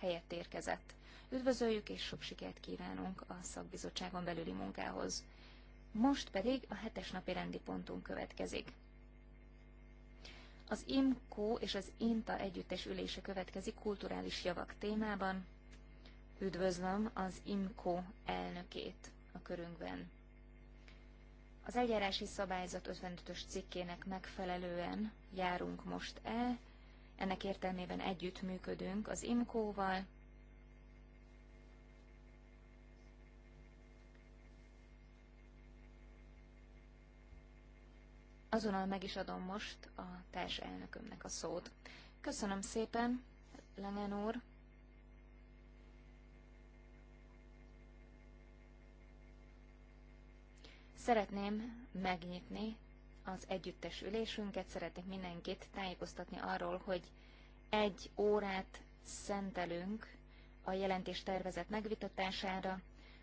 helyett érkezett. Üdvözöljük és sok sikert kívánunk a szakbizottságon belüli munkához. Most pedig a hetes napi rendi pontunk következik. Az IMKO és az INTA együttes ülése következik kulturális javak témában. Üdvözlöm az IMKO elnökét a körünkben. Az eljárási szabályzat 55-ös cikkének megfelelően járunk most el, ennek értelmében együttműködünk az IMCO-val, Azonnal meg is adom most a társ elnökömnek a szót. Köszönöm szépen, Lenen úr. Szeretném megnyitni az együttes ülésünket. Szeretnék mindenkit tájékoztatni arról, hogy egy órát szentelünk a jelentés tervezet megvitatására,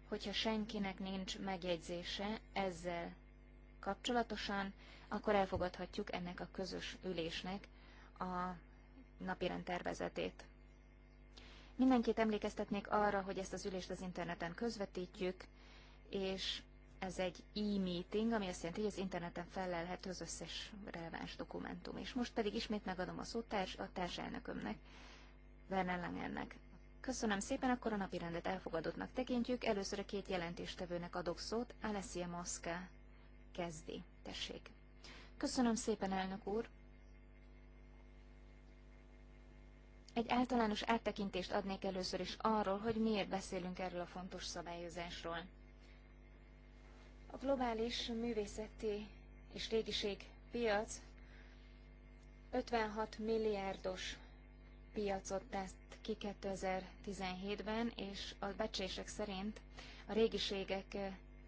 hogyha senkinek nincs megjegyzése ezzel kapcsolatosan, akkor elfogadhatjuk ennek a közös ülésnek a napirend tervezetét. Mindenkit emlékeztetnék arra, hogy ezt az ülést az interneten közvetítjük, és ez egy e-meeting, ami azt jelenti, hogy az interneten felelhető az összes releváns dokumentum. És most pedig ismét megadom a szót társ, a társelnökömnek, Werner Langennek. Köszönöm szépen, akkor a napi rendet elfogadottnak tekintjük. Először a két jelentéstevőnek adok szót, Alessia Moszka kezdi. Tessék. Köszönöm szépen, elnök úr. Egy általános áttekintést adnék először is arról, hogy miért beszélünk erről a fontos szabályozásról. A globális művészeti és régiség piac 56 milliárdos piacot tett ki 2017-ben, és a becsések szerint a régiségek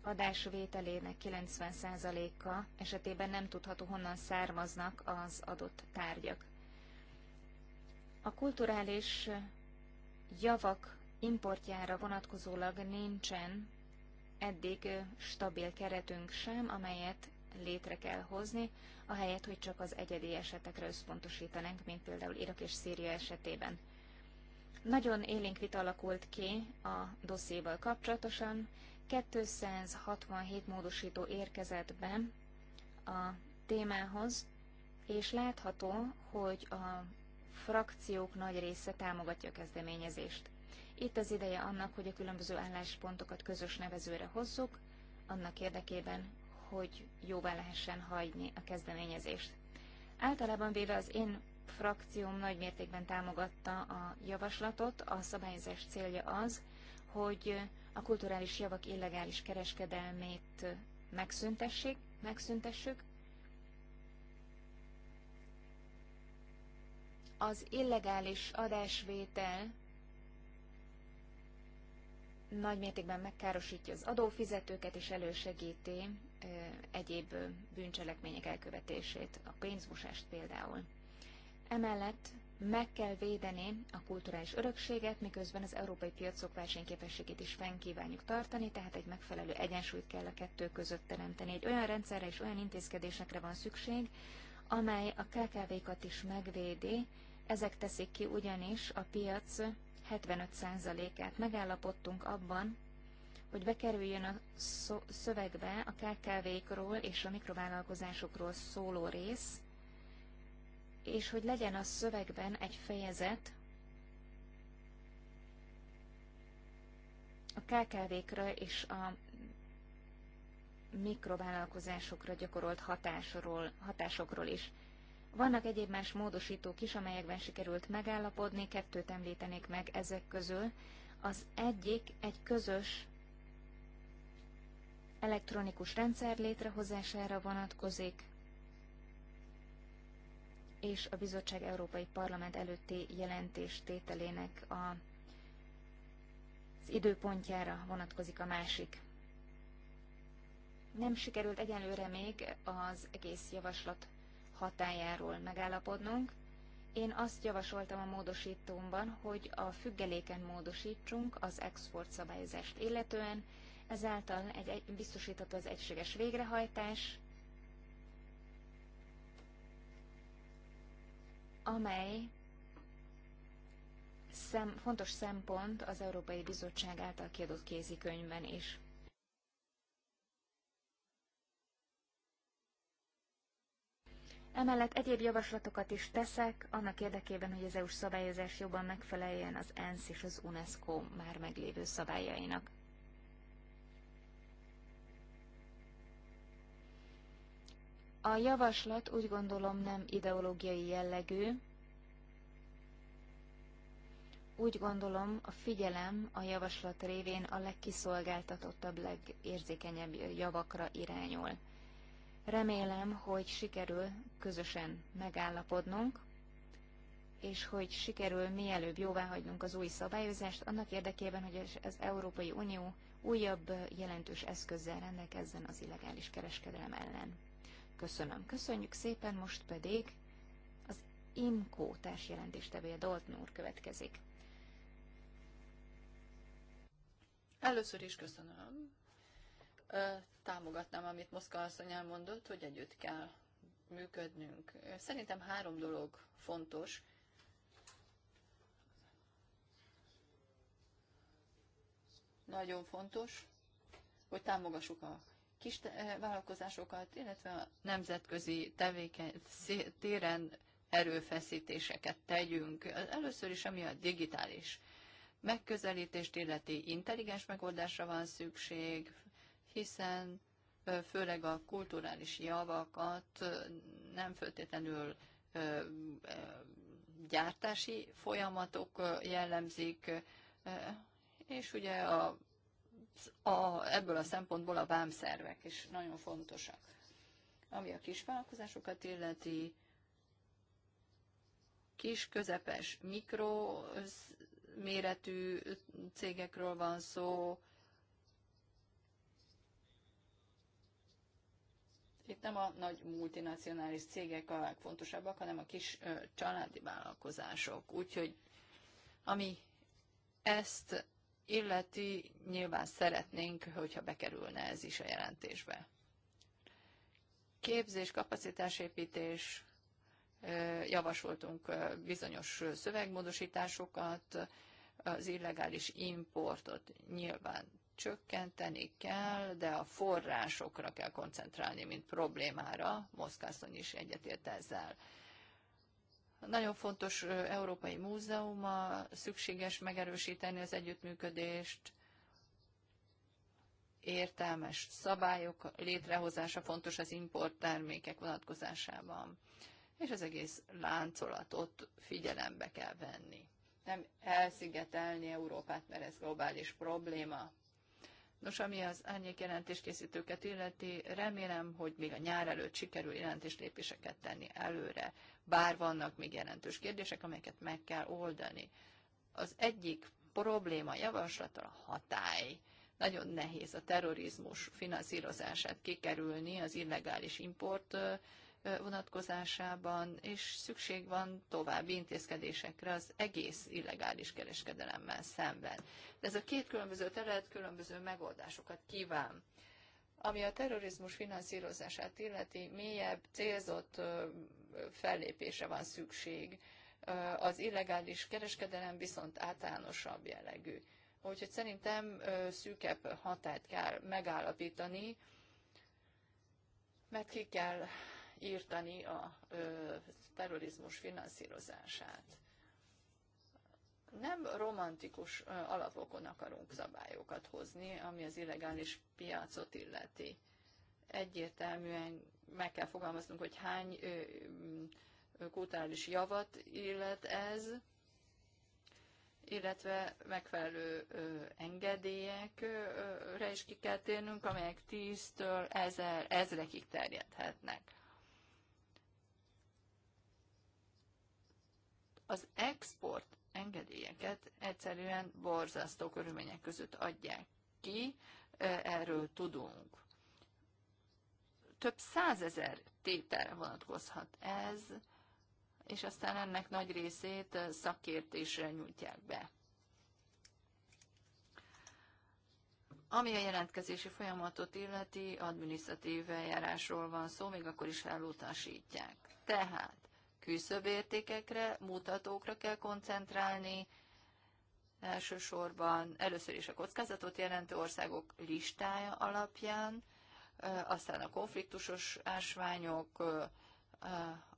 adásvételének 90%-a esetében nem tudható, honnan származnak az adott tárgyak. A kulturális javak importjára vonatkozólag nincsen eddig stabil keretünk sem, amelyet létre kell hozni, ahelyett, hogy csak az egyedi esetekre összpontosítanánk, mint például Irak és Szíria esetében. Nagyon élénk vita alakult ki a dosszéval kapcsolatosan. 267 módosító érkezett be a témához, és látható, hogy a frakciók nagy része támogatja a kezdeményezést. Itt az ideje annak, hogy a különböző álláspontokat közös nevezőre hozzuk, annak érdekében, hogy jóvá lehessen hagyni a kezdeményezést. Általában véve az én frakcióm nagy mértékben támogatta a javaslatot. A szabályozás célja az, hogy a kulturális javak illegális kereskedelmét megszüntessék, megszüntessük. Az illegális adásvétel nagy mértékben megkárosítja az adófizetőket és elősegíti egyéb bűncselekmények elkövetését, a pénzmosást például. Emellett meg kell védeni a kulturális örökséget, miközben az európai piacok versenyképességét is fenn kívánjuk tartani, tehát egy megfelelő egyensúlyt kell a kettő között teremteni. Egy olyan rendszerre és olyan intézkedésekre van szükség, amely a KKV-kat is megvédi, ezek teszik ki ugyanis a piac 75%-át. Megállapodtunk abban, hogy bekerüljön a szövegbe a KKV-król és a mikrovállalkozásokról szóló rész, és hogy legyen a szövegben egy fejezet a KKV-kra és a mikrovállalkozásokra gyakorolt hatásról, hatásokról is. Vannak egyéb más módosítók is, amelyekben sikerült megállapodni, kettőt említenék meg ezek közül. Az egyik egy közös elektronikus rendszer létrehozására vonatkozik, és a bizottság Európai Parlament előtti jelentés tételének a, az időpontjára vonatkozik a másik. Nem sikerült egyelőre még az egész javaslat hatájáról megállapodnunk. Én azt javasoltam a módosítómban, hogy a függeléken módosítsunk az export szabályozást illetően, ezáltal egy, egy, biztosítható az egységes végrehajtás, amely szem, fontos szempont az Európai Bizottság által kiadott kézikönyvben is. Emellett egyéb javaslatokat is teszek, annak érdekében, hogy az EU-s szabályozás jobban megfeleljen az ENSZ és az UNESCO már meglévő szabályainak. A javaslat úgy gondolom nem ideológiai jellegű. Úgy gondolom, a figyelem a javaslat révén a legkiszolgáltatottabb, legérzékenyebb javakra irányul. Remélem, hogy sikerül közösen megállapodnunk, és hogy sikerül mielőbb hagynunk az új szabályozást, annak érdekében, hogy az Európai Unió újabb jelentős eszközzel rendelkezzen az illegális kereskedelem ellen. Köszönöm. Köszönjük szépen, most pedig az IMCO társjelentéstevője Dalton következik. Először is köszönöm támogatnám, amit Moszka asszony elmondott, hogy együtt kell működnünk. Szerintem három dolog fontos. Nagyon fontos, hogy támogassuk a kis eh, vállalkozásokat, illetve a nemzetközi tevékeny téren erőfeszítéseket tegyünk. Először is, ami a digitális megközelítést illeti intelligens megoldásra van szükség, hiszen főleg a kulturális javakat nem föltétlenül gyártási folyamatok jellemzik, és ugye a, a, ebből a szempontból a vámszervek is nagyon fontosak. Ami a kisvállalkozásokat illeti, kis, közepes, mikro méretű cégekről van szó, Itt nem a nagy multinacionális cégek a legfontosabbak, hanem a kis ö, családi vállalkozások. Úgyhogy ami ezt illeti, nyilván szeretnénk, hogyha bekerülne ez is a jelentésbe. Képzés, kapacitásépítés, javasoltunk bizonyos szövegmódosításokat, az illegális importot nyilván csökkenteni kell, de a forrásokra kell koncentrálni, mint problémára. Moszkászony is egyetért ezzel. Nagyon fontos Európai Múzeuma, szükséges megerősíteni az együttműködést, értelmes szabályok létrehozása fontos az importtermékek vonatkozásában, és az egész láncolatot figyelembe kell venni. Nem elszigetelni Európát, mert ez globális probléma. Nos, ami az árnyék jelentéskészítőket illeti, remélem, hogy még a nyár előtt sikerül jelentéslépéseket tenni előre, bár vannak még jelentős kérdések, amelyeket meg kell oldani. Az egyik probléma javaslata a hatály. Nagyon nehéz a terrorizmus finanszírozását kikerülni, az illegális import vonatkozásában, és szükség van további intézkedésekre az egész illegális kereskedelemmel szemben. De ez a két különböző terület különböző megoldásokat kíván. Ami a terrorizmus finanszírozását illeti, mélyebb, célzott fellépése van szükség. Az illegális kereskedelem viszont általánosabb jellegű. Úgyhogy szerintem szűkebb határt kell megállapítani, mert ki kell írtani a ö, terrorizmus finanszírozását. Nem romantikus ö, alapokon akarunk szabályokat hozni, ami az illegális piacot illeti. Egyértelműen meg kell fogalmaznunk, hogy hány ö, ö, javat illet ez, illetve megfelelő ö, engedélyekre is ki kell térnünk, amelyek tíztől től ezrekig terjedhetnek. az export engedélyeket egyszerűen borzasztó körülmények között adják ki, erről tudunk. Több százezer tételre vonatkozhat ez, és aztán ennek nagy részét szakértésre nyújtják be. Ami a jelentkezési folyamatot illeti, adminisztratív eljárásról van szó, még akkor is elutasítják. Tehát értékekre, mutatókra kell koncentrálni, elsősorban először is a kockázatot jelentő országok listája alapján, aztán a konfliktusos ásványok,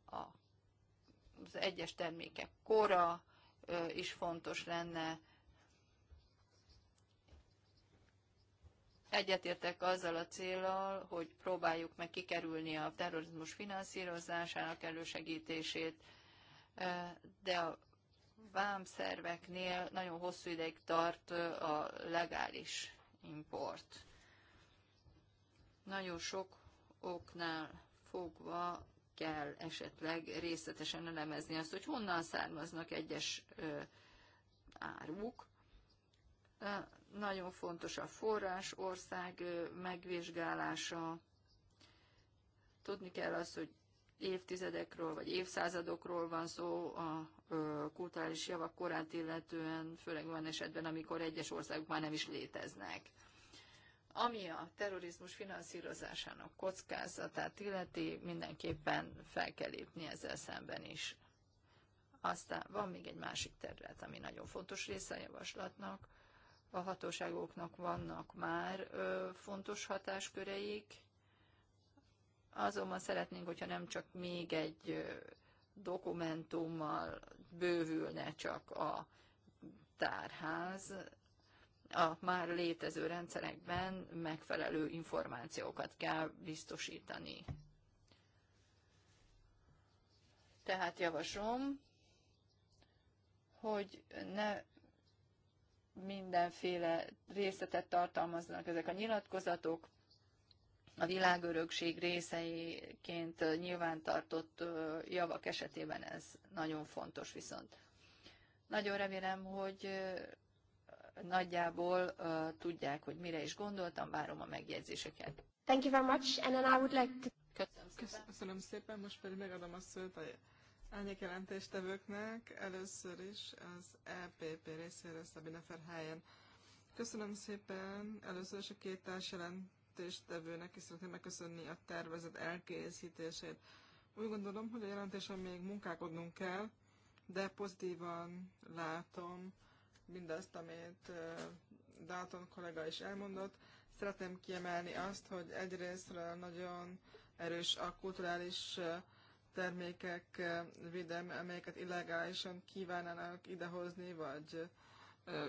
az egyes termékek kora is fontos lenne, Egyetértek azzal a célral, hogy próbáljuk meg kikerülni a terrorizmus finanszírozásának elősegítését, e, de a vámszerveknél nagyon hosszú ideig tart e, a legális import. Nagyon sok oknál fogva kell esetleg részletesen elemezni azt, hogy honnan származnak egyes e, áruk. Nagyon fontos a forrás ország megvizsgálása. Tudni kell azt, hogy évtizedekről vagy évszázadokról van szó a kulturális javak korát illetően, főleg van esetben, amikor egyes országok már nem is léteznek. Ami a terrorizmus finanszírozásának kockázatát illeti, mindenképpen fel kell lépni ezzel szemben is. Aztán van még egy másik terület, ami nagyon fontos része a javaslatnak, a hatóságoknak vannak már fontos hatásköreik, azonban szeretnénk, hogyha nem csak még egy dokumentummal bővülne csak a tárház, a már létező rendszerekben megfelelő információkat kell biztosítani. Tehát javaslom, hogy ne mindenféle részletet tartalmaznak ezek a nyilatkozatok, a világörökség részeiként nyilvántartott javak esetében ez nagyon fontos viszont. Nagyon remélem, hogy nagyjából tudják, hogy mire is gondoltam, várom a megjegyzéseket. Thank you very much, and then I would like to... Köszönöm szépen. Köszönöm szépen, most pedig megadom a szót a Ennyi jelentéstevőknek először is az EPP részéről Szabina Ferhelyen. Köszönöm szépen először is a két társ jelentéstevőnek is szeretném megköszönni a tervezet elkészítését. Úgy gondolom, hogy a jelentésen még munkálkodnunk kell, de pozitívan látom mindazt, amit Dalton kollega is elmondott. Szeretném kiemelni azt, hogy egyrésztről nagyon erős a kulturális termékek eh, védelme, amelyeket illegálisan kívánnának idehozni, vagy eh,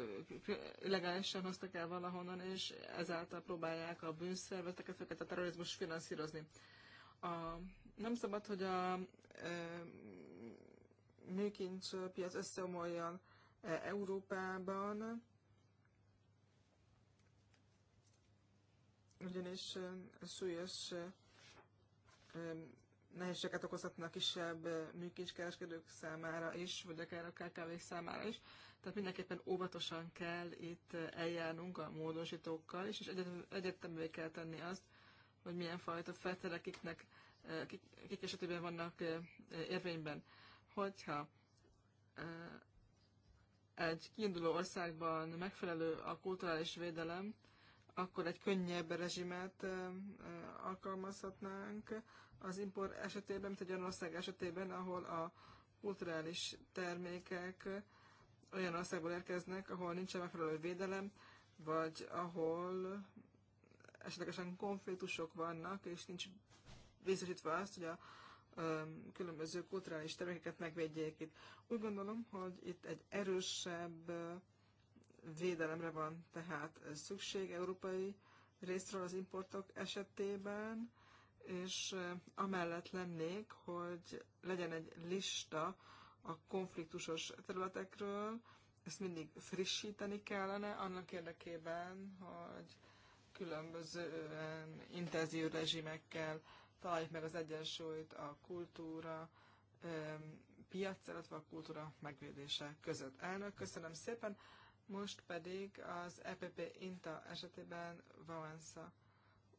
illegálisan hoztak el valahonnan, és ezáltal próbálják a bűnszervezeteket, őket a terrorizmus finanszírozni. A, nem szabad, hogy a e, eh, műkincs piac összeomoljon e, Európában, ugyanis e, súlyos e, nehézséget okozhatna a kisebb műkincskereskedők számára is, vagy akár a kkv számára is. Tehát mindenképpen óvatosan kell itt eljárnunk a módosítókkal is, és egyetemvé kell tenni azt, hogy milyen fajta feltételek kiknek, kik, kik esetében vannak érvényben. Hogyha egy kiinduló országban megfelelő a kulturális védelem, akkor egy könnyebb rezsimet alkalmazhatnánk az import esetében, mint egy olyan ország esetében, ahol a kulturális termékek olyan országból érkeznek, ahol nincsen megfelelő védelem, vagy ahol esetlegesen konfliktusok vannak, és nincs biztosítva azt, hogy a különböző kulturális termékeket megvédjék itt. Úgy gondolom, hogy itt egy erősebb védelemre van tehát szükség európai részről az importok esetében, és eh, amellett lennék, hogy legyen egy lista a konfliktusos területekről, ezt mindig frissíteni kellene annak érdekében, hogy különböző intenzív rezsimekkel találjuk meg az egyensúlyt a kultúra eh, piac, illetve a kultúra megvédése között. Elnök, köszönöm szépen! Most pedig az EPP Inta esetében Valensa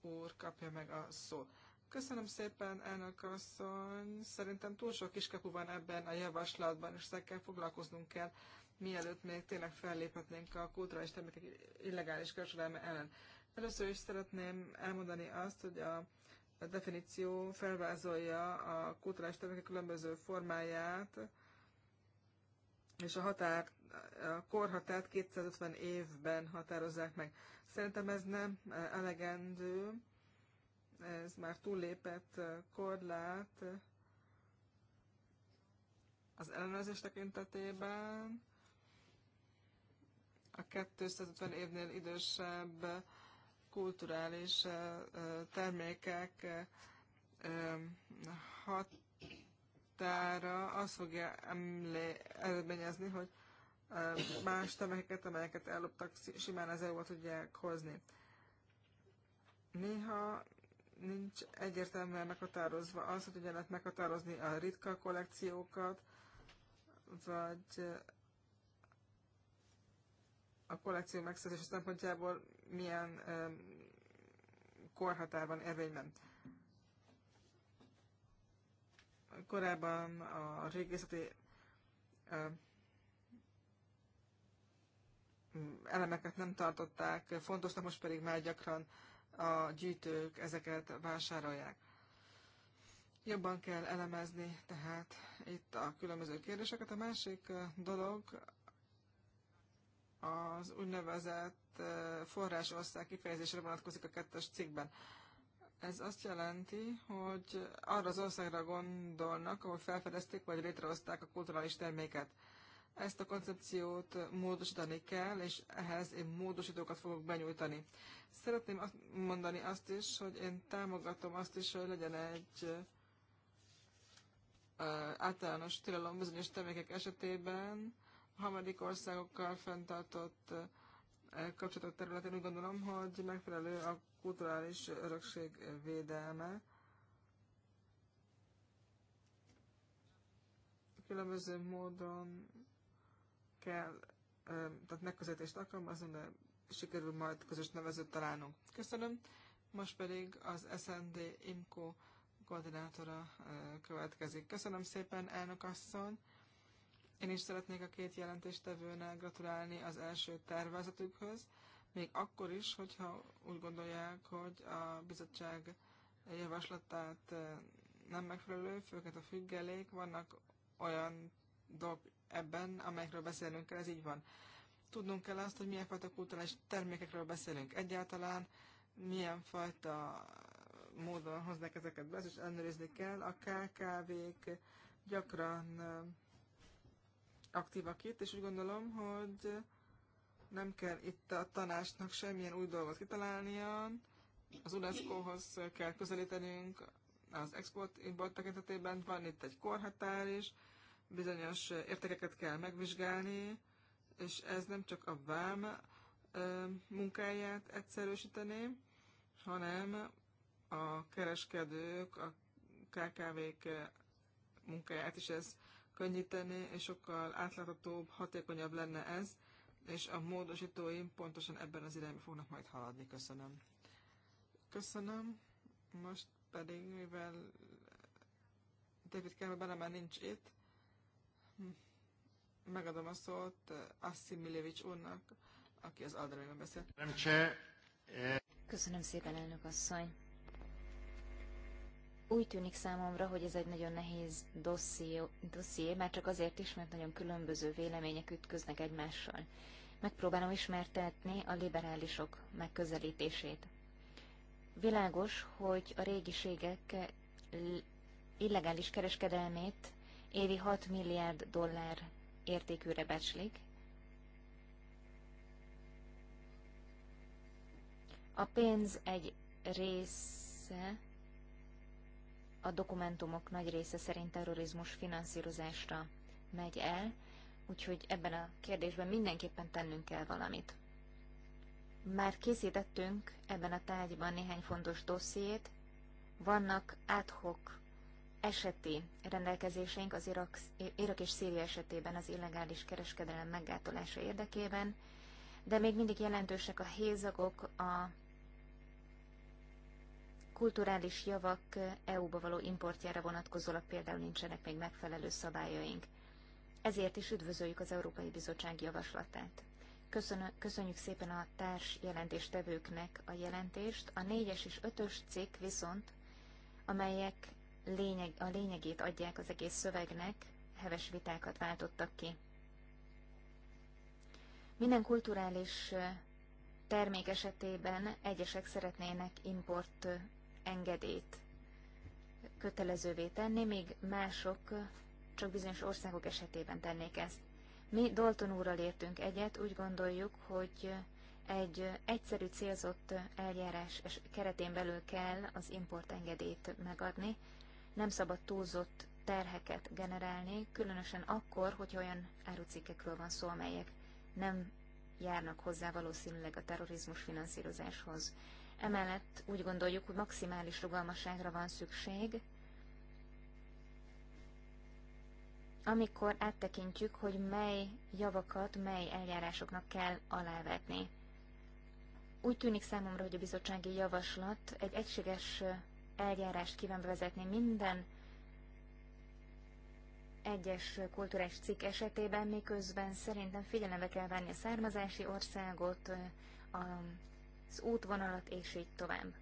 úr kapja meg a szót. Köszönöm szépen, elnök asszony. Szerintem túl sok kiskapu van ebben a javaslatban, és ezekkel foglalkoznunk kell, mielőtt még tényleg felléphetnénk a kulturális termékek illegális kereskedelme ellen. Először is szeretném elmondani azt, hogy a definíció felvázolja a kulturális termékek különböző formáját, és a határ a korhatárt 250 évben határozzák meg. Szerintem ez nem elegendő, ez már túllépett korlát az ellenőrzés tekintetében. A 250 évnél idősebb kulturális termékek határa azt fogja emlé, eredményezni, hogy más tömegeket, amelyeket elloptak, simán az e volt tudják hozni. Néha nincs egyértelműen meghatározva az, hogy hogyan lehet meghatározni a ritka kollekciókat, vagy a kollekció megszerzése szempontjából milyen korhatár van érvényben. Korábban a régészeti elemeket nem tartották fontosnak, most pedig már gyakran a gyűjtők ezeket vásárolják. Jobban kell elemezni tehát itt a különböző kérdéseket. A másik dolog az úgynevezett forrásország kifejezésre vonatkozik a kettes cikkben. Ez azt jelenti, hogy arra az országra gondolnak, ahol felfedezték vagy létrehozták a kulturális terméket ezt a koncepciót módosítani kell, és ehhez én módosítókat fogok benyújtani. Szeretném azt mondani azt is, hogy én támogatom azt is, hogy legyen egy általános tilalom bizonyos termékek esetében a harmadik országokkal fenntartott kapcsolatok területén úgy gondolom, hogy megfelelő a kulturális örökség védelme. Különböző módon kell, tehát megközelítést alkalmazni, de sikerül majd közös nevezőt találnunk. Köszönöm. Most pedig az SND IMCO koordinátora következik. Köszönöm szépen, elnök asszony! Én is szeretnék a két jelentéstevőnek gratulálni az első tervezetükhöz, még akkor is, hogyha úgy gondolják, hogy a bizottság javaslatát nem megfelelő, főként a függelék, vannak olyan dolgok ebben, amelyekről beszélünk, kell, ez így van. Tudnunk kell azt, hogy milyen fajta kulturális termékekről beszélünk egyáltalán, milyen fajta módon hoznak ezeket be, és ellenőrizni kell. A KKV-k gyakran aktívak itt, és úgy gondolom, hogy nem kell itt a tanácsnak semmilyen új dolgot kitalálnia, az UNESCO-hoz kell közelítenünk, az export-import tekintetében van itt egy korhatár is, bizonyos értékeket kell megvizsgálni, és ez nem csak a vám munkáját egyszerűsíteni, hanem a kereskedők, a KKV-k munkáját is ez könnyíteni, és sokkal átláthatóbb, hatékonyabb lenne ez, és a módosítóim pontosan ebben az irányba fognak majd haladni. Köszönöm. Köszönöm. Most pedig, mivel David Campbell már nincs itt, megadom a szót eh, Milevics úrnak, aki az Alderében beszél. Eh, Köszönöm szépen, elnök asszony. Úgy tűnik számomra, hogy ez egy nagyon nehéz dosszié, már csak azért is, mert nagyon különböző vélemények ütköznek egymással. Megpróbálom ismertetni a liberálisok megközelítését. Világos, hogy a régiségek eh, illegális kereskedelmét évi 6 milliárd dollár értékűre becslik. A pénz egy része, a dokumentumok nagy része szerint terrorizmus finanszírozásra megy el, úgyhogy ebben a kérdésben mindenképpen tennünk kell valamit. Már készítettünk ebben a tárgyban néhány fontos dossziét, vannak áthok eseti rendelkezéseink az Irak, Irak és Szíria esetében az illegális kereskedelem meggátolása érdekében, de még mindig jelentősek a hézagok, a kulturális javak EU-ba való importjára vonatkozólag például nincsenek még megfelelő szabályaink. Ezért is üdvözöljük az Európai Bizottság javaslatát. köszönjük szépen a társ jelentéstevőknek a jelentést. A négyes és ötös cikk viszont, amelyek lényeg, a lényegét adják az egész szövegnek, heves vitákat váltottak ki. Minden kulturális termék esetében egyesek szeretnének import engedélyt kötelezővé tenni, még mások csak bizonyos országok esetében tennék ezt. Mi Dalton úrral értünk egyet, úgy gondoljuk, hogy egy egyszerű célzott eljárás keretén belül kell az import engedélyt megadni, nem szabad túlzott terheket generálni, különösen akkor, hogy olyan árucikkekről van szó, amelyek nem járnak hozzá valószínűleg a terrorizmus finanszírozáshoz. Emellett úgy gondoljuk, hogy maximális rugalmasságra van szükség, amikor áttekintjük, hogy mely javakat, mely eljárásoknak kell alávetni. Úgy tűnik számomra, hogy a bizottsági javaslat egy egységes eljárást kíván bevezetni minden egyes kulturális cikk esetében, miközben szerintem figyelembe kell venni a származási országot, az útvonalat és így tovább.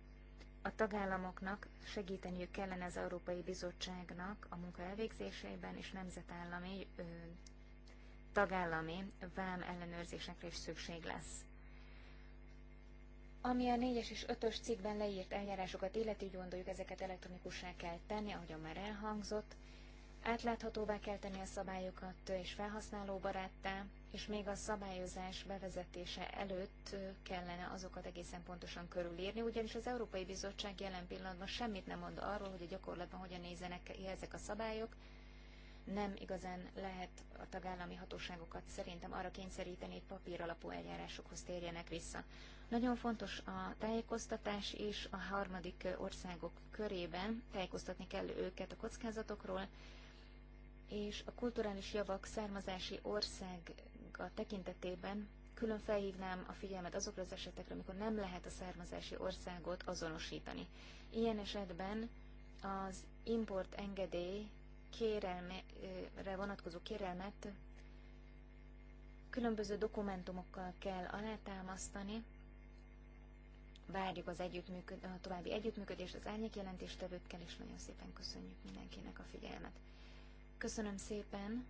A tagállamoknak segíteniük kellene az Európai Bizottságnak a munka elvégzésében, és nemzetállami, ö, tagállami vám ellenőrzésekre is szükség lesz. Ami a 4-es és 5-ös cikkben leírt eljárásokat illeti, gondoljuk, ezeket elektronikussá kell tenni, ahogyan már elhangzott. Átláthatóvá kell tenni a szabályokat és baráttá, és még a szabályozás bevezetése előtt kellene azokat egészen pontosan körülírni, ugyanis az Európai Bizottság jelen pillanatban semmit nem mond arról, hogy a gyakorlatban hogyan nézenek ki ezek a szabályok, nem igazán lehet a tagállami hatóságokat szerintem arra kényszeríteni, hogy papír alapú eljárásokhoz térjenek vissza. Nagyon fontos a tájékoztatás és a harmadik országok körében tájékoztatni kell őket a kockázatokról, és a kulturális javak származási a tekintetében külön felhívnám a figyelmet azokra az esetekre, amikor nem lehet a származási országot azonosítani. Ilyen esetben az import engedély kérelmére vonatkozó kérelmet különböző dokumentumokkal kell alátámasztani. Várjuk az együttműköd, a további együttműködést az árnyék jelentéstevőkkel, és nagyon szépen köszönjük mindenkinek a figyelmet. Köszönöm szépen,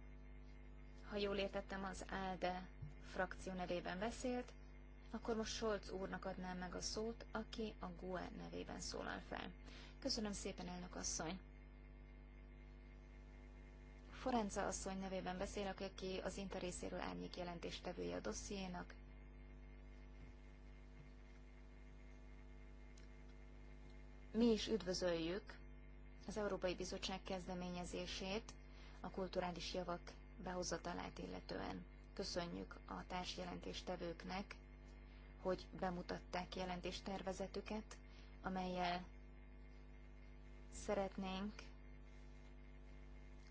ha jól értettem, az ALDE frakció nevében beszélt, akkor most Solc úrnak adnám meg a szót, aki a GUE nevében szólal fel. Köszönöm szépen, elnök asszony! Forenza asszony nevében beszélek, aki az Inta részéről árnyék jelentéstevője a dossziénak. Mi is üdvözöljük az Európai Bizottság kezdeményezését a kulturális javak behozatalát illetően. Köszönjük a társjelentéstevőknek, hogy bemutatták jelentéstervezetüket, amelyel szeretnénk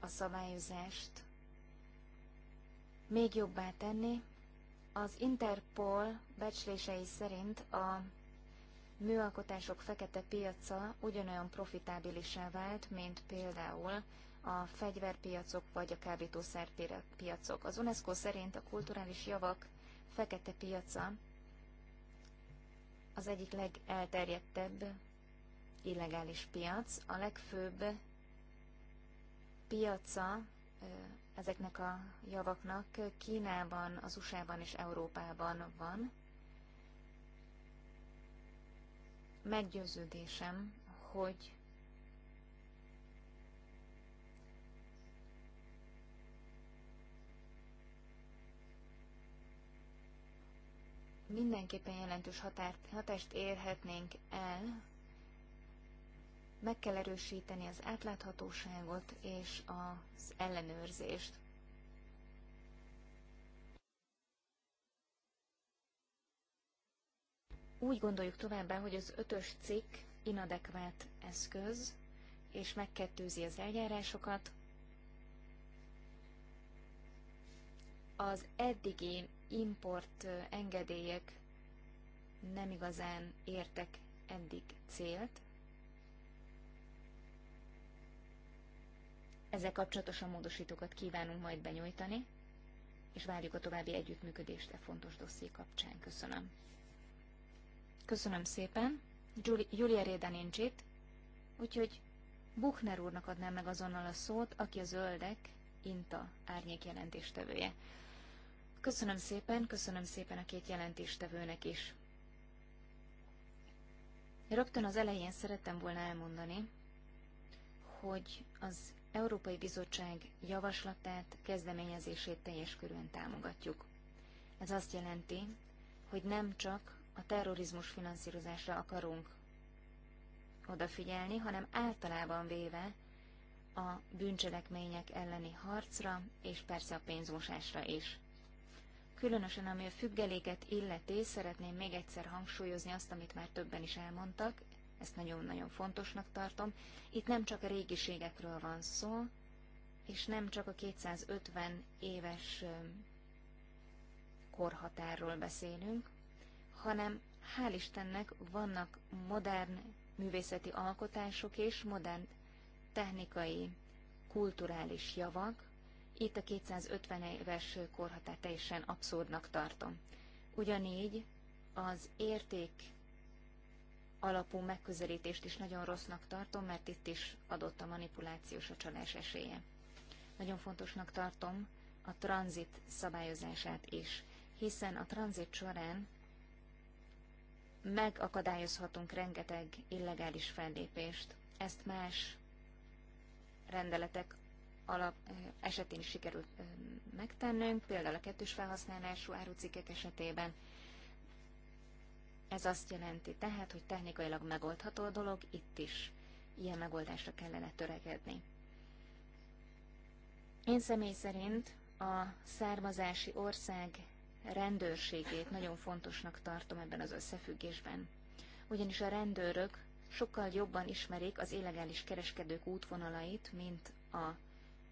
a szabályozást még jobbá tenni. Az Interpol becslései szerint a műalkotások fekete piaca ugyanolyan profitábilisá vált, mint például a fegyverpiacok vagy a kábítószerpiacok. Az UNESCO szerint a kulturális javak fekete piaca az egyik legelterjedtebb illegális piac, a legfőbb piaca ezeknek a javaknak Kínában, az USA-ban és Európában van. Meggyőződésem, hogy mindenképpen jelentős hatást érhetnénk el meg kell erősíteni az átláthatóságot és az ellenőrzést. Úgy gondoljuk továbbá, hogy az ötös cikk inadekvát eszköz, és megkettőzi az eljárásokat. Az eddigi import engedélyek nem igazán értek eddig célt, Ezzel kapcsolatosan módosítókat kívánunk majd benyújtani, és várjuk a további együttműködést e fontos dosszé kapcsán. Köszönöm. Köszönöm szépen. Julia Réda nincs itt, úgyhogy Buchner úrnak adnám meg azonnal a szót, aki a zöldek INTA árnyék jelentéstevője. Köszönöm szépen, köszönöm szépen a két jelentéstevőnek is. Rögtön az elején szerettem volna elmondani, hogy az Európai Bizottság javaslatát, kezdeményezését teljes körűen támogatjuk. Ez azt jelenti, hogy nem csak a terrorizmus finanszírozásra akarunk odafigyelni, hanem általában véve a bűncselekmények elleni harcra, és persze a pénzmosásra is. Különösen ami a függeléket illeti, szeretném még egyszer hangsúlyozni azt, amit már többen is elmondtak, ezt nagyon-nagyon fontosnak tartom. Itt nem csak a régiségekről van szó, és nem csak a 250 éves korhatárról beszélünk, hanem hál' Istennek vannak modern művészeti alkotások és modern technikai, kulturális javak. Itt a 250 éves korhatár teljesen abszurdnak tartom. Ugyanígy az érték alapú megközelítést is nagyon rossznak tartom, mert itt is adott a manipulációs a csalás esélye. Nagyon fontosnak tartom a tranzit szabályozását is, hiszen a tranzit során megakadályozhatunk rengeteg illegális fellépést. Ezt más rendeletek alap, esetén is sikerült megtennünk, például a kettős felhasználású árucikkek esetében, ez azt jelenti tehát, hogy technikailag megoldható a dolog, itt is ilyen megoldásra kellene törekedni. Én személy szerint a származási ország rendőrségét nagyon fontosnak tartom ebben az összefüggésben. Ugyanis a rendőrök sokkal jobban ismerik az illegális kereskedők útvonalait, mint a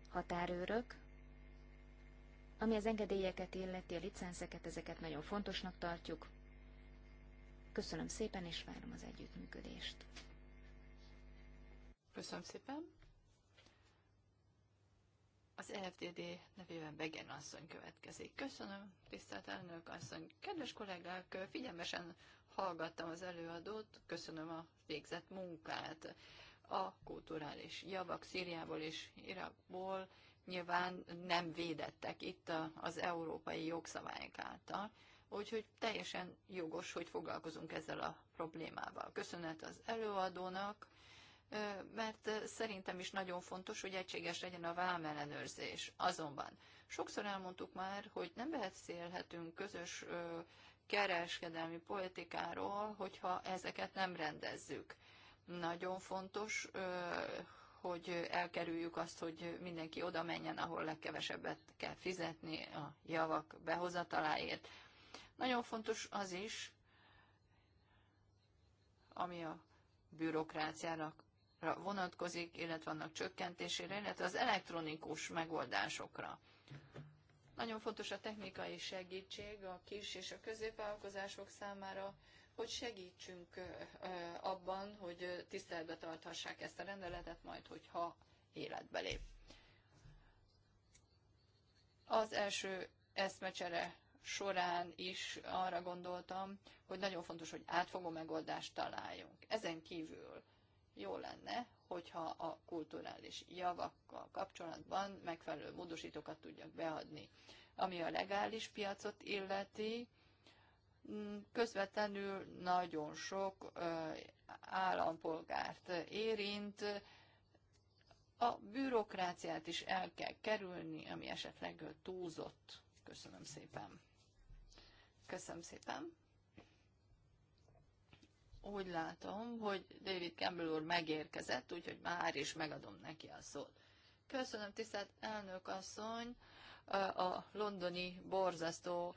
határőrök, ami az engedélyeket illeti, a licenszeket, ezeket nagyon fontosnak tartjuk. Köszönöm szépen, és várom az együttműködést. Köszönöm szépen. Az EFDD nevében Begen asszony következik. Köszönöm, tisztelt elnök asszony. Kedves kollégák, figyelmesen hallgattam az előadót, köszönöm a végzett munkát. A kulturális javak Szíriából és Irakból nyilván nem védettek itt az európai jogszabályok által. Úgyhogy teljesen jogos, hogy foglalkozunk ezzel a problémával. Köszönet az előadónak, mert szerintem is nagyon fontos, hogy egységes legyen a vámellenőrzés. Azonban sokszor elmondtuk már, hogy nem beszélhetünk közös kereskedelmi politikáról, hogyha ezeket nem rendezzük. Nagyon fontos, hogy elkerüljük azt, hogy mindenki oda menjen, ahol legkevesebbet kell fizetni a javak behozataláért. Nagyon fontos az is, ami a bürokráciának vonatkozik, illetve annak csökkentésére, illetve az elektronikus megoldásokra. Nagyon fontos a technikai segítség a kis és a középvállalkozások számára, hogy segítsünk abban, hogy tiszteletbe tarthassák ezt a rendeletet majd, hogyha életbe lép. Az első eszmecsere során is arra gondoltam, hogy nagyon fontos, hogy átfogó megoldást találjunk. Ezen kívül jó lenne, hogyha a kulturális javakkal kapcsolatban megfelelő módosítókat tudjak beadni. Ami a legális piacot illeti, mm, közvetlenül nagyon sok állampolgárt érint, a bürokráciát is el kell kerülni, ami esetleg túlzott. Köszönöm szépen. Köszönöm szépen. Úgy látom, hogy David Campbell úr megérkezett, úgyhogy már is megadom neki a szót. Köszönöm, tisztelt elnök asszony! A londoni borzasztó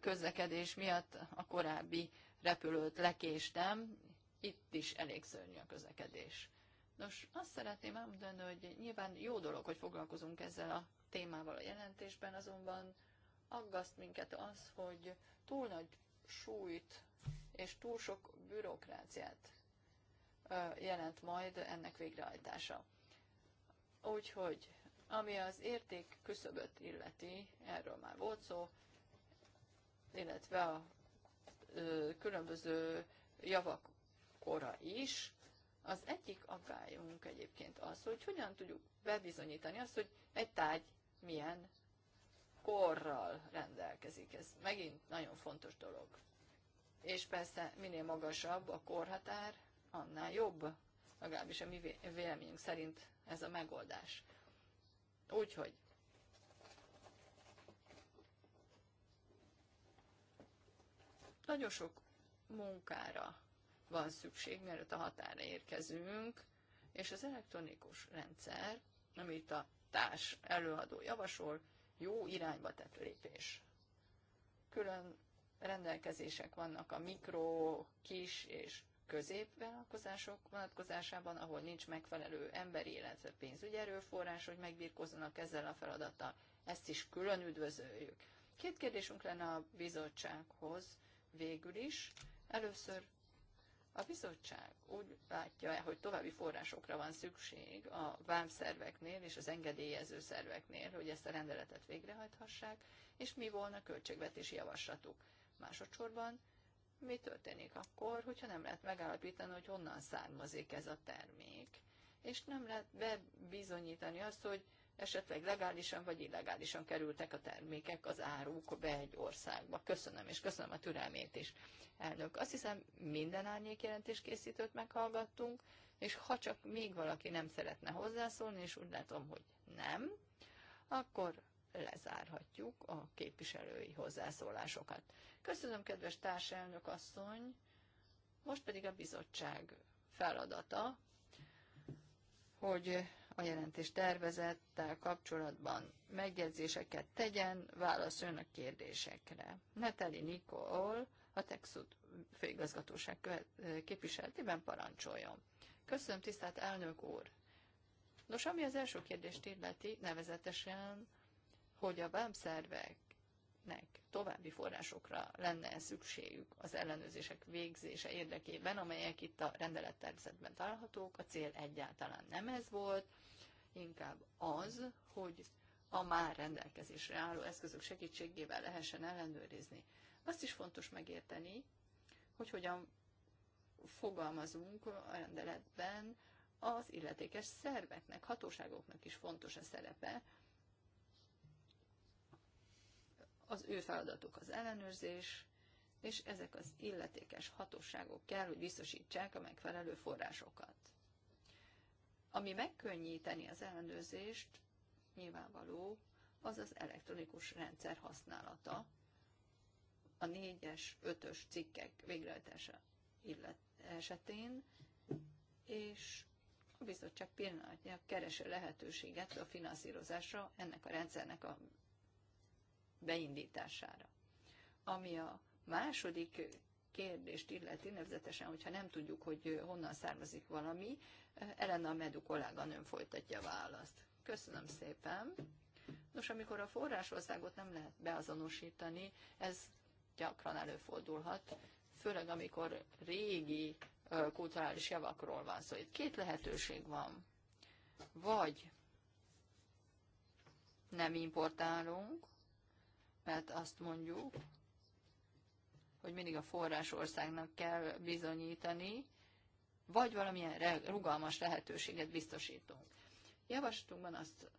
közlekedés miatt a korábbi repülőt lekéstem. Itt is elég szörnyű a közlekedés. Nos, azt szeretném elmondani, hogy nyilván jó dolog, hogy foglalkozunk ezzel a témával a jelentésben, azonban aggaszt minket az, hogy túl nagy súlyt és túl sok bürokráciát jelent majd ennek végrehajtása. Úgyhogy, ami az érték küszöböt illeti, erről már volt szó, illetve a különböző javak kora is, az egyik aggályunk egyébként az, hogy hogyan tudjuk bebizonyítani azt, hogy egy tárgy milyen korral rendelkezik. Ez megint nagyon fontos dolog. És persze minél magasabb a korhatár, annál jobb. Legalábbis a mi véleményünk szerint ez a megoldás. Úgyhogy nagyon sok munkára van szükség, mielőtt a határa érkezünk, és az elektronikus rendszer, amit a társ előadó javasol, jó irányba tett lépés. Külön rendelkezések vannak a mikro, kis és középvállalkozások vonatkozásában, ahol nincs megfelelő emberi, illetve pénzügyi erőforrás, hogy megbírkozzanak ezzel a feladattal. Ezt is külön üdvözöljük. Két kérdésünk lenne a bizottsághoz végül is. Először a bizottság úgy látja-e, hogy további forrásokra van szükség a vámszerveknél és az engedélyező szerveknél, hogy ezt a rendeletet végrehajthassák, és mi volna a költségvetési javaslatuk? Másodszorban mi történik akkor, hogyha nem lehet megállapítani, hogy honnan származik ez a termék, és nem lehet bebizonyítani azt, hogy esetleg legálisan vagy illegálisan kerültek a termékek, az áruk be egy országba. Köszönöm, és köszönöm a türelmét is. Elnök, azt hiszem minden árnyék jelentés készítőt meghallgattunk, és ha csak még valaki nem szeretne hozzászólni, és úgy látom, hogy nem, akkor lezárhatjuk a képviselői hozzászólásokat. Köszönöm, kedves társelnök asszony! Most pedig a bizottság feladata, hogy a jelentés tervezettel kapcsolatban megjegyzéseket tegyen, válaszoljon a kérdésekre. Neteli Nikol a Texut főigazgatóság képviseletében parancsoljon. Köszönöm, tisztelt elnök úr! Nos, ami az első kérdést illeti, nevezetesen, hogy a vámszerveknek további forrásokra lenne szükségük az ellenőrzések végzése érdekében, amelyek itt a rendelettervezetben találhatók. A cél egyáltalán nem ez volt, inkább az, hogy a már rendelkezésre álló eszközök segítségével lehessen ellenőrizni. Azt is fontos megérteni, hogy hogyan fogalmazunk a rendeletben, az illetékes szerveknek, hatóságoknak is fontos a szerepe. Az ő feladatuk az ellenőrzés, és ezek az illetékes hatóságok kell, hogy biztosítsák a megfelelő forrásokat. Ami megkönnyíteni az ellenőrzést, nyilvánvaló, az az elektronikus rendszer használata, a 4-es, 5-ös cikkek végrehajtása esetén, és a bizottság pillanatnyilag kereső lehetőséget a finanszírozásra ennek a rendszernek a beindítására. Ami a második kérdést illeti, nevezetesen, hogyha nem tudjuk, hogy honnan származik valami, Elena a Medu kolléganőm folytatja a választ. Köszönöm szépen. Nos, amikor a forrásországot nem lehet beazonosítani, ez gyakran előfordulhat, főleg amikor régi kulturális javakról van szó. itt két lehetőség van. Vagy nem importálunk, mert azt mondjuk, hogy mindig a forrásországnak kell bizonyítani, vagy valamilyen rugalmas lehetőséget biztosítunk. Javaslatunkban azt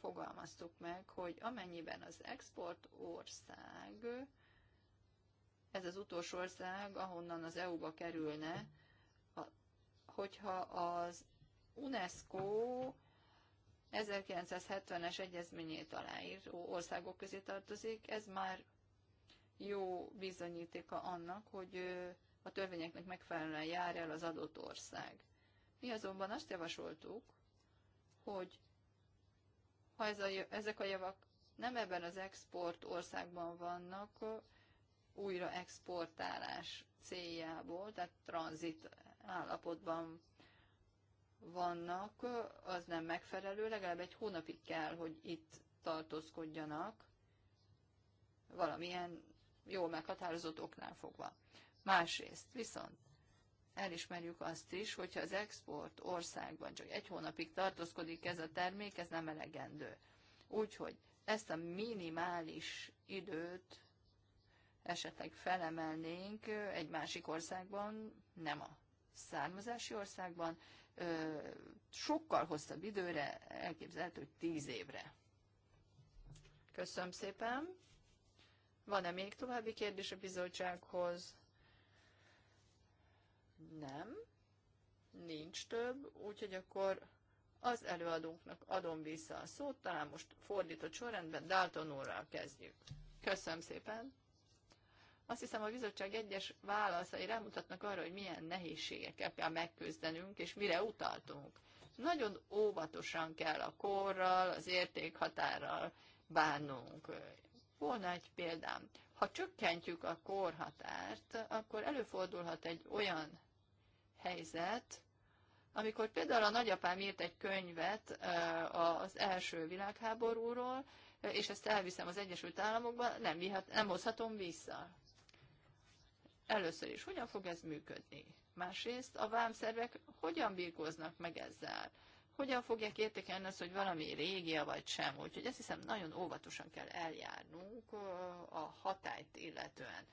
fogalmaztuk meg, hogy amennyiben az export ország, ez az utolsó ország, ahonnan az EU-ba kerülne, hogyha az UNESCO 1970-es egyezményét aláír országok közé tartozik, ez már jó bizonyítéka annak, hogy a törvényeknek megfelelően jár el az adott ország. Mi azonban azt javasoltuk, hogy ha ez a, ezek a javak nem ebben az export országban vannak, újra exportálás céljából, tehát tranzit állapotban vannak, az nem megfelelő, legalább egy hónapig kell, hogy itt tartózkodjanak valamilyen jól meghatározott oknál fogva. Másrészt viszont elismerjük azt is, hogyha az export országban csak egy hónapig tartózkodik ez a termék, ez nem elegendő. Úgyhogy ezt a minimális időt esetleg felemelnénk egy másik országban, nem a származási országban, sokkal hosszabb időre, elképzelhető, hogy tíz évre. Köszönöm szépen! Van-e még további kérdés a bizottsághoz? Nem. Nincs több, úgyhogy akkor az előadónknak adom vissza a szót, talán most fordított sorrendben Dalton úrral kezdjük. Köszönöm szépen! Azt hiszem, a bizottság egyes válaszai rámutatnak arra, hogy milyen nehézségekkel kell megküzdenünk, és mire utaltunk. Nagyon óvatosan kell a korral, az értékhatárral bánnunk. Volna egy példám. Ha csökkentjük a korhatárt, akkor előfordulhat egy olyan helyzet, amikor például a nagyapám írt egy könyvet az első világháborúról, és ezt elviszem az Egyesült Államokba, nem, vihet, nem hozhatom vissza. Először is, hogyan fog ez működni? Másrészt a vámszervek hogyan birkóznak meg ezzel? hogyan fogják értékelni azt, hogy valami régia vagy sem. Úgyhogy azt hiszem, nagyon óvatosan kell eljárnunk a hatályt illetően.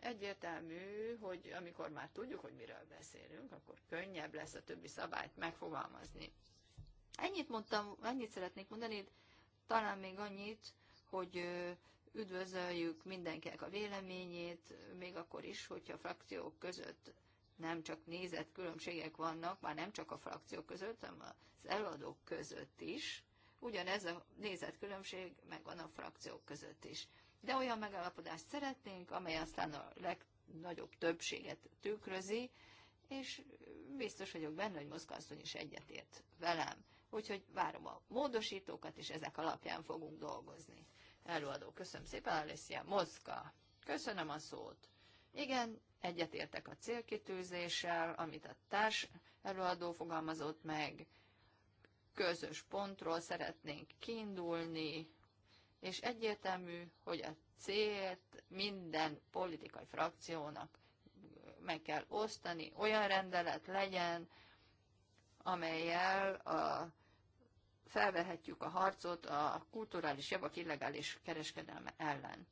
Egyértelmű, hogy amikor már tudjuk, hogy miről beszélünk, akkor könnyebb lesz a többi szabályt megfogalmazni. Ennyit mondtam, ennyit szeretnék mondani, talán még annyit, hogy üdvözöljük mindenkinek a véleményét, még akkor is, hogyha a frakciók között nem csak nézetkülönbségek vannak, már nem csak a frakciók között, hanem az eladók között is. Ugyanez a nézetkülönbség megvan a frakciók között is. De olyan megállapodást szeretnénk, amely aztán a legnagyobb többséget tükrözi, és biztos vagyok benne, hogy Moszkva is egyetért velem. Úgyhogy várom a módosítókat, és ezek alapján fogunk dolgozni. Előadó, köszönöm szépen, Alessia Moszka. Köszönöm a szót. Igen, egyetértek a célkitűzéssel, amit a társ előadó fogalmazott meg, közös pontról szeretnénk kiindulni, és egyértelmű, hogy a célt minden politikai frakciónak meg kell osztani, olyan rendelet legyen, amelyel a, felvehetjük a harcot a kulturális javak illegális kereskedelme ellen.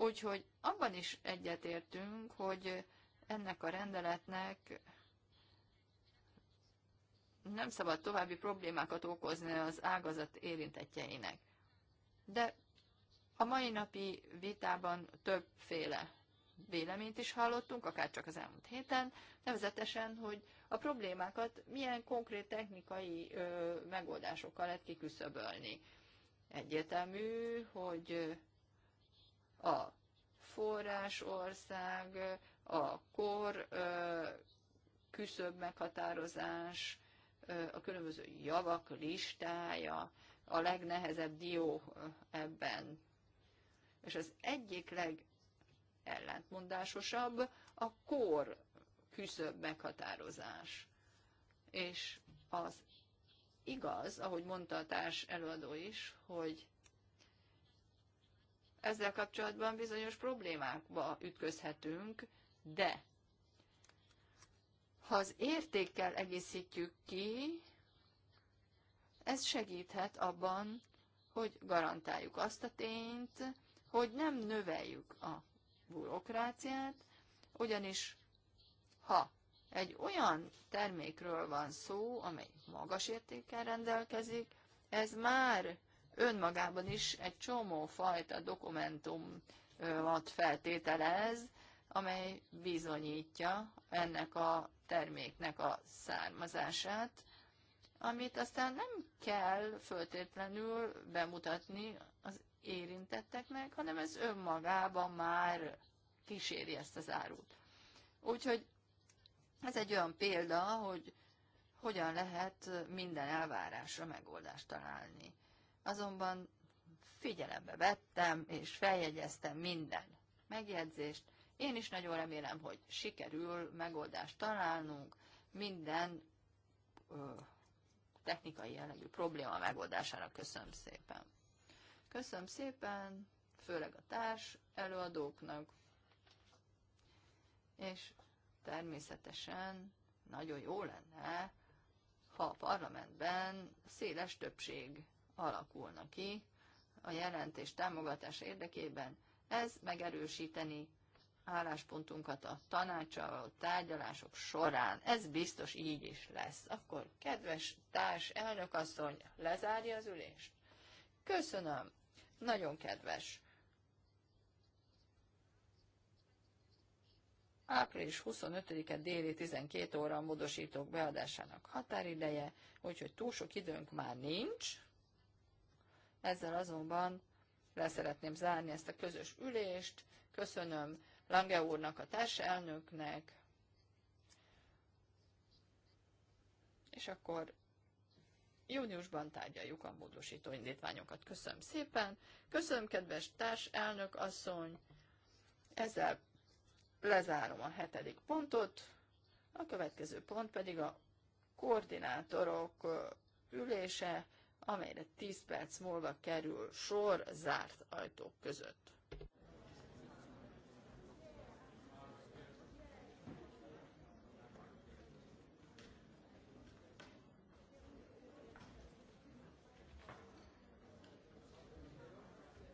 Úgyhogy abban is egyetértünk, hogy ennek a rendeletnek nem szabad további problémákat okozni az ágazat érintetjeinek. De a mai napi vitában többféle véleményt is hallottunk, akár csak az elmúlt héten, nevezetesen, hogy a problémákat milyen konkrét technikai ö, megoldásokkal lehet kiküszöbölni. Egyértelmű, hogy a forrásország, a kor küszöbb meghatározás, a különböző javak listája, a legnehezebb dió ebben. És az egyik legellentmondásosabb a kor küszöbb meghatározás. És az igaz, ahogy mondta a társ előadó is, hogy ezzel kapcsolatban bizonyos problémákba ütközhetünk, de ha az értékkel egészítjük ki, ez segíthet abban, hogy garantáljuk azt a tényt, hogy nem növeljük a burokráciát, ugyanis ha egy olyan termékről van szó, amely magas értékkel rendelkezik, ez már önmagában is egy csomó fajta dokumentumot feltételez, amely bizonyítja ennek a terméknek a származását, amit aztán nem kell föltétlenül bemutatni az érintetteknek, hanem ez önmagában már kíséri ezt az árut. Úgyhogy ez egy olyan példa, hogy hogyan lehet minden elvárásra megoldást találni azonban figyelembe vettem és feljegyeztem minden megjegyzést. Én is nagyon remélem, hogy sikerül megoldást találnunk minden ö, technikai jellegű probléma megoldására. Köszönöm szépen. Köszönöm szépen, főleg a társ előadóknak, és természetesen nagyon jó lenne, ha a parlamentben széles többség alakulna ki a jelentés támogatás érdekében. Ez megerősíteni álláspontunkat a tanácsal, tárgyalások során. Ez biztos így is lesz. Akkor kedves társ elnökasszony, lezárja az ülést. Köszönöm. Nagyon kedves. április 25-e déli 12 óra a módosítók beadásának határideje, úgyhogy túl sok időnk már nincs. Ezzel azonban leszeretném zárni ezt a közös ülést. Köszönöm Lange úrnak, a társelnöknek, és akkor júniusban tárgyaljuk a módosító indítványokat. Köszönöm szépen. Köszönöm, kedves társelnök asszony. Ezzel lezárom a hetedik pontot. A következő pont pedig a koordinátorok ülése amelyre 10 perc múlva kerül sor zárt ajtók között.